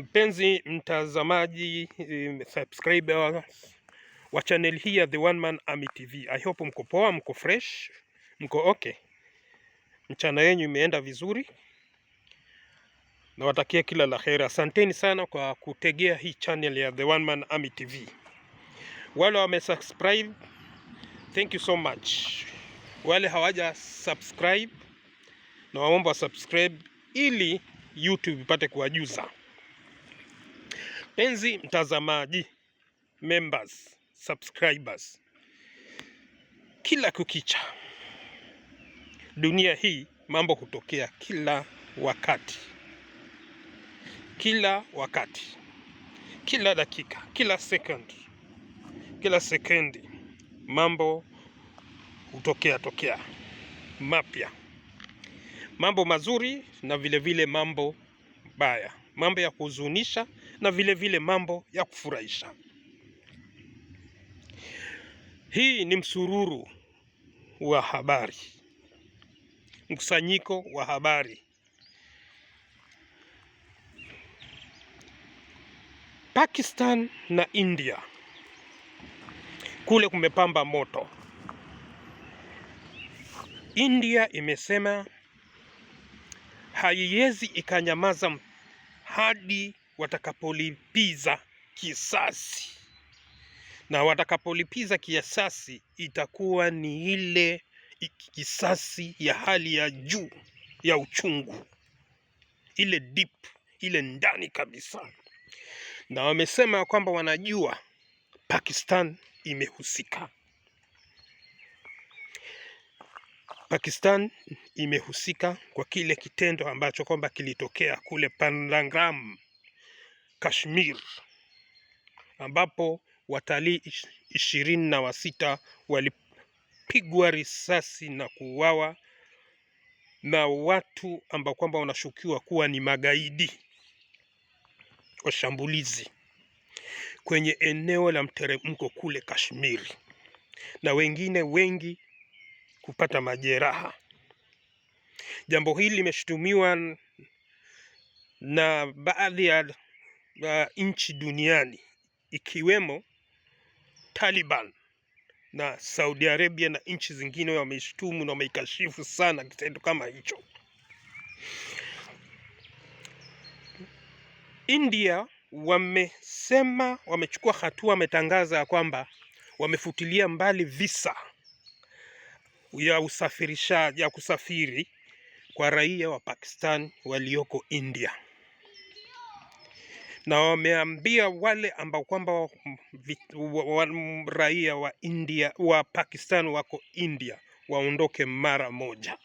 Mpenzi mtazamaji, e, subscriber wa channel hii ya The One Man Army TV, I hope mko poa, mko fresh, mko okay, mchana yenu imeenda vizuri, nawatakia kila la heri. Asanteni sana kwa kutegea hii channel ya The One Man Army TV. Wale wamesubscribe, thank you so much. Wale hawaja subscribe, na waomba subscribe ili YouTube ipate kuwajuza Mpenzi mtazamaji, members, subscribers, kila kukicha dunia hii mambo hutokea kila wakati, kila wakati, kila dakika, kila second, kila sekondi mambo hutokea tokea mapya, mambo mazuri na vilevile vile mambo baya, mambo ya kuhuzunisha na vile vile mambo ya kufurahisha. Hii ni msururu wa habari, mkusanyiko wa habari. Pakistan na India kule kumepamba moto. India imesema haiwezi ikanyamaza hadi watakapolipiza kisasi, na watakapolipiza kisasi itakuwa ni ile kisasi ya hali ya juu ya uchungu, ile deep, ile ndani kabisa. Na wamesema kwamba wanajua Pakistan imehusika, Pakistan imehusika kwa kile kitendo ambacho kwamba kilitokea kule Pandangram Kashmir ambapo watalii ishirini na wasita walipigwa risasi na kuuawa na watu ambao kwamba wanashukiwa kuwa ni magaidi washambulizi kwenye eneo la mteremko kule Kashmir, na wengine wengi kupata majeraha. Jambo hili limeshutumiwa na baadhi ya na nchi duniani ikiwemo Taliban na Saudi Arabia na nchi zingine wameishtumu na wameikashifu sana kitendo kama hicho. India wamesema, wamechukua hatua, wametangaza ya kwamba wamefutilia mbali visa ya usafirishaji ya kusafiri kwa raia wa Pakistan walioko India na wameambia wale ambao kwamba raia wa India wa Pakistan wako India waondoke mara moja.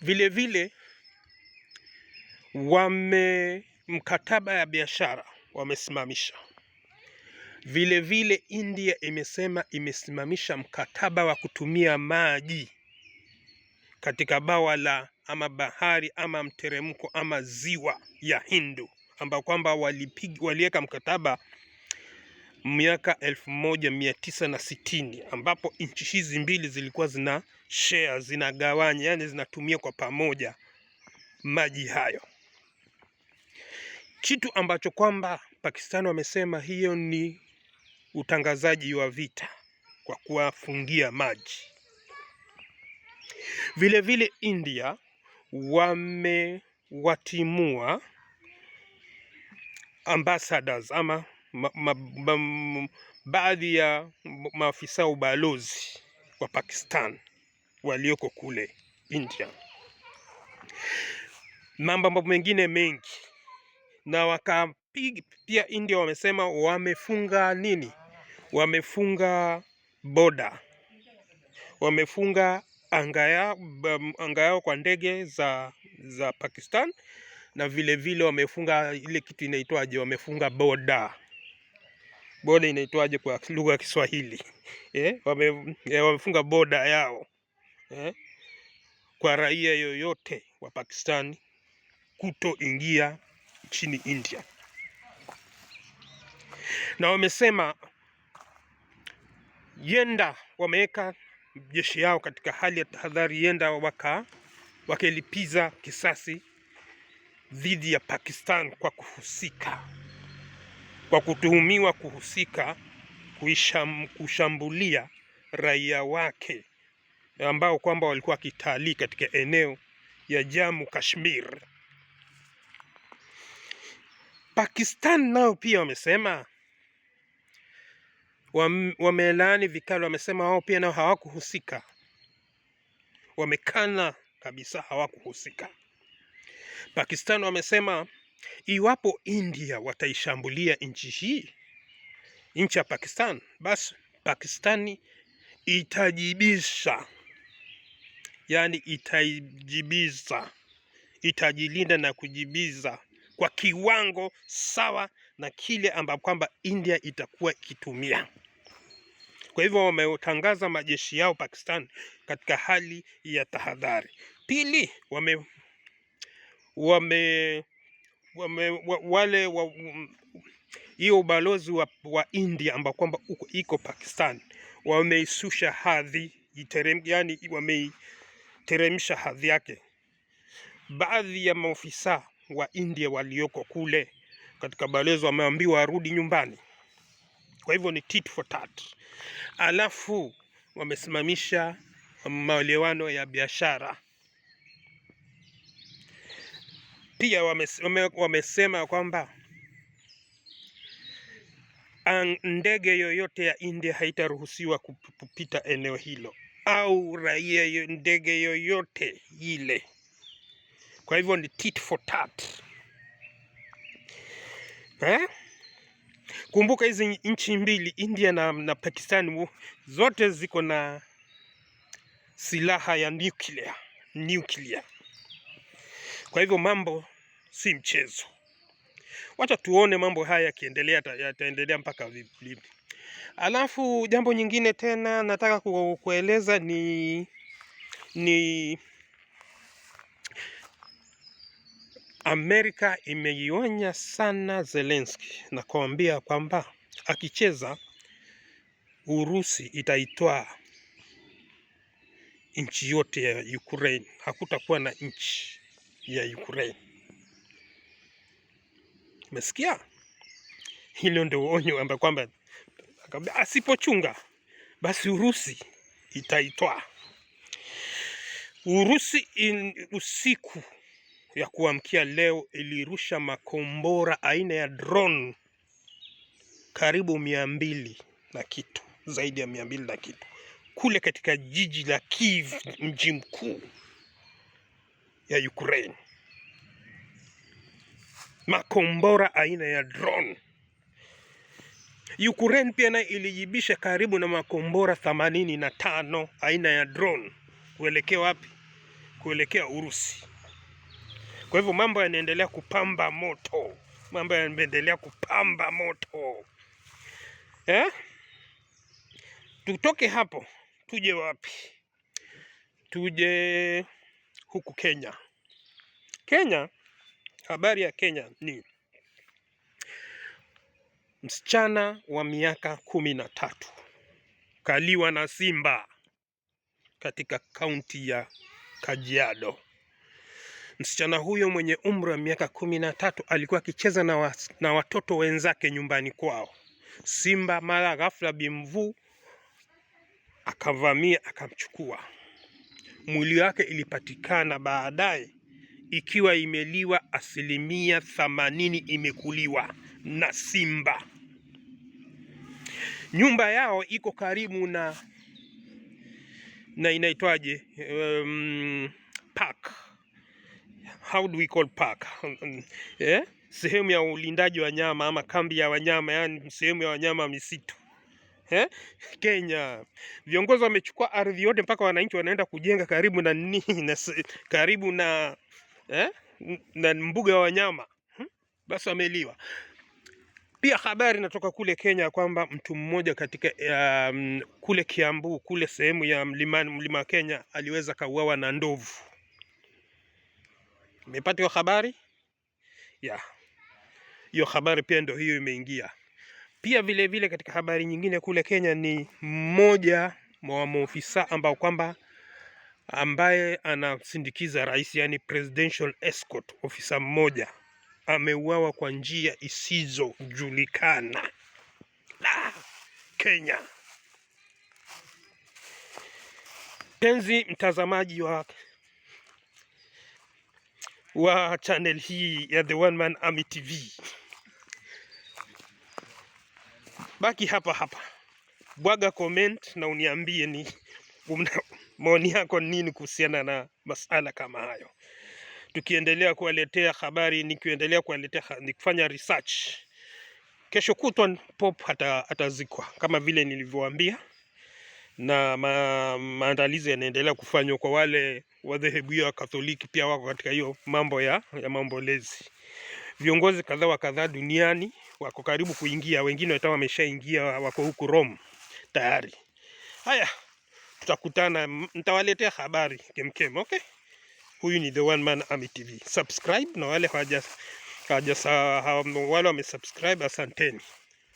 Vile vile wame mkataba ya biashara wamesimamisha. Vile vile India imesema imesimamisha mkataba wa kutumia maji katika bawa la ama bahari ama mteremko ama ziwa ya Hindu ambao kwamba waliweka mkataba miaka elfu moja mia tisa na sitini ambapo nchi hizi mbili zilikuwa zina share zinagawanya, yani zinatumia kwa pamoja maji hayo, kitu ambacho kwamba Pakistan wamesema hiyo ni utangazaji wa vita kwa kuwafungia maji. Vilevile India wamewatimua ambassadors ama baadhi ya maafisa ubalozi wa Pakistan walioko kule India, mambo mambo mengine mengi, na wakapiga pia. India wamesema wamefunga nini, wamefunga boda, wamefunga anga yao, anga yao kwa ndege za, za Pakistan na vile vile wamefunga ile kitu inaitwaje, wamefunga boda boda inaitwaje kwa lugha ya Kiswahili eh, wame, eh, wamefunga boda yao eh, kwa raia yoyote wa Pakistan kutoingia nchini India, na wamesema yenda, wameweka jeshi yao katika hali ya tahadhari, yenda waka wakilipiza kisasi dhidi ya Pakistan kwa kuhusika kwa kutuhumiwa kuhusika kuisham, kushambulia raia wake ambao kwamba walikuwa wakitalii katika eneo ya Jammu Kashmir. Pakistan nao pia wamesema wamelaani vikali, wamesema wao pia nao hawakuhusika, wamekana kabisa hawakuhusika. Pakistan wamesema iwapo India wataishambulia nchi hii, nchi ya Pakistan, basi Pakistani itajibisha, yaani itajibiza, itajilinda na kujibiza kwa kiwango sawa na kile ambapo kwamba India itakuwa ikitumia. Kwa hivyo wametangaza majeshi yao Pakistan katika hali ya tahadhari. Pili, wame, wame, wame wale wa, mm, hiyo ubalozi wa, wa India ambao kwamba uko iko Pakistan wameisusha hadhi iterem, yani wameiteremsha hadhi yake. Baadhi ya maofisa wa India walioko kule katika balozi wameambiwa arudi nyumbani. Kwa hivyo ni tit for tat. Alafu wamesimamisha maelewano ya biashara pia. Wamesema, wamesema kwamba ndege yoyote ya India haitaruhusiwa kupita eneo hilo au raia ndege yoyote ile. Kwa hivyo ni tit for tat eh? Kumbuka hizi nchi mbili India na, na Pakistan zote ziko na silaha ya nuclear, nuclear. Kwa hivyo mambo si mchezo. Wacha tuone mambo haya yakiendelea, yataendelea mpaka vipi. Alafu jambo nyingine tena nataka kueleza ni ni Amerika imeionya sana Zelensky na kuambia kwamba akicheza Urusi itaitoa nchi yote ya Ukraine, hakutakuwa na nchi ya Ukraine. Umesikia? Hilo ndio onyo amba kwamba asipochunga basi Urusi itaitwaa Urusi in, usiku ya kuamkia leo ilirusha makombora aina ya drone karibu mia mbili na kitu, zaidi ya mia mbili na kitu kule katika jiji la Kiev, mji mkuu ya Ukraine. Makombora aina ya drone. Ukraine pia naye ilijibisha karibu na makombora 85 aina ya drone kuelekea wapi? Kuelekea Urusi. Kwa hivyo mambo yanaendelea kupamba moto, mambo yanaendelea kupamba moto eh? Tutoke hapo tuje wapi? Tuje huku Kenya. Kenya, habari ya Kenya ni msichana wa miaka kumi na tatu kaliwa na simba katika kaunti ya Kajiado. Msichana huyo mwenye umri wa miaka kumi na tatu alikuwa akicheza na, wa, na watoto wenzake nyumbani kwao. Simba mara ghafla bimvu akavamia akamchukua. Mwili wake ilipatikana baadaye ikiwa imeliwa, asilimia thamanini imekuliwa na simba. Nyumba yao iko karibu na na inaitwaje? um, how do we call park yeah? sehemu ya ulindaji wa nyama ama kambi ya wanyama, yani sehemu ya wanyama misitu eh? Kenya viongozi wamechukua ardhi yote mpaka wananchi wanaenda kujenga karibu na nini na karibu na eh? na mbuga ya wanyama hmm? Basi wameliwa pia habari inatoka kule Kenya kwamba mtu mmoja katika um, kule Kiambu kule sehemu ya mlima mlima wa Kenya aliweza kauawa na ndovu. Mmepata hiyo habari ya hiyo habari pia ndio hiyo imeingia pia vilevile vile. Katika habari nyingine kule Kenya ni mmoja wa maofisa ambao kwamba ambaye anasindikiza rais, yani presidential escort, ofisa mmoja ameuawa kwa njia isizojulikana la Kenya. Mpenzi mtazamaji wa wa channel hii ya The One Man Army TV. Baki hapa hapa, bwaga comment na uniambie ni maoni yako nini kuhusiana na masala kama hayo, tukiendelea kuwaletea habari, nikiendelea kuwaletea nikifanya research. Kesho kutwa Pop atazikwa kama vile nilivyowaambia na ma, maandalizi yanaendelea kufanywa kwa wale wadhehebu hiyo ya Katoliki, pia wako katika hiyo mambo ya, ya maombolezi. Viongozi kadhaa wa kadhaa duniani wako karibu kuingia, wengine hata wameshaingia, wako huku Rome tayari. Haya, tutakutana, nitawaletea habari kemkem. Okay, huyu ni The One Man Army TV. Subscribe na wale hawaja wale wamesubscribe, asanteni.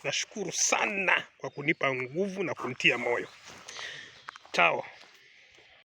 Nashukuru sana kwa kunipa nguvu na kumtia moyo. Chao.